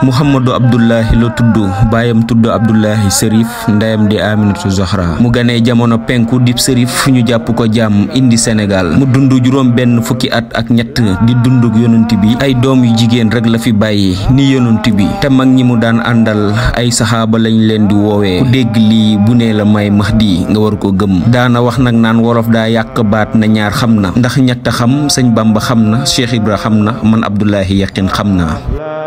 Mouhamadou Abdoulahi la tudd baayam tudd Abdoulahi Serif ndeyam di Aminatu Zahra mu ganee jamono penku di Serif ñu jàpp ko jàmm indi senegal mu dund juróom benn fukki at ak ñett di dunduk yonent bi ay doom yu jigéen rek la fi bàyyi ni yonent bi te mag ñi mu daan àndal ay saxaaba lañ leen di woowee ku dégg lii bu nee la may max Mahdi nga war ko gëm daana wax nag naan wolof daa yàq baat na ñaar xam na ndax ñett xam sëñ Bamba xam na Cheikh Ibra xam na man Abdoulahi yaqin xam naa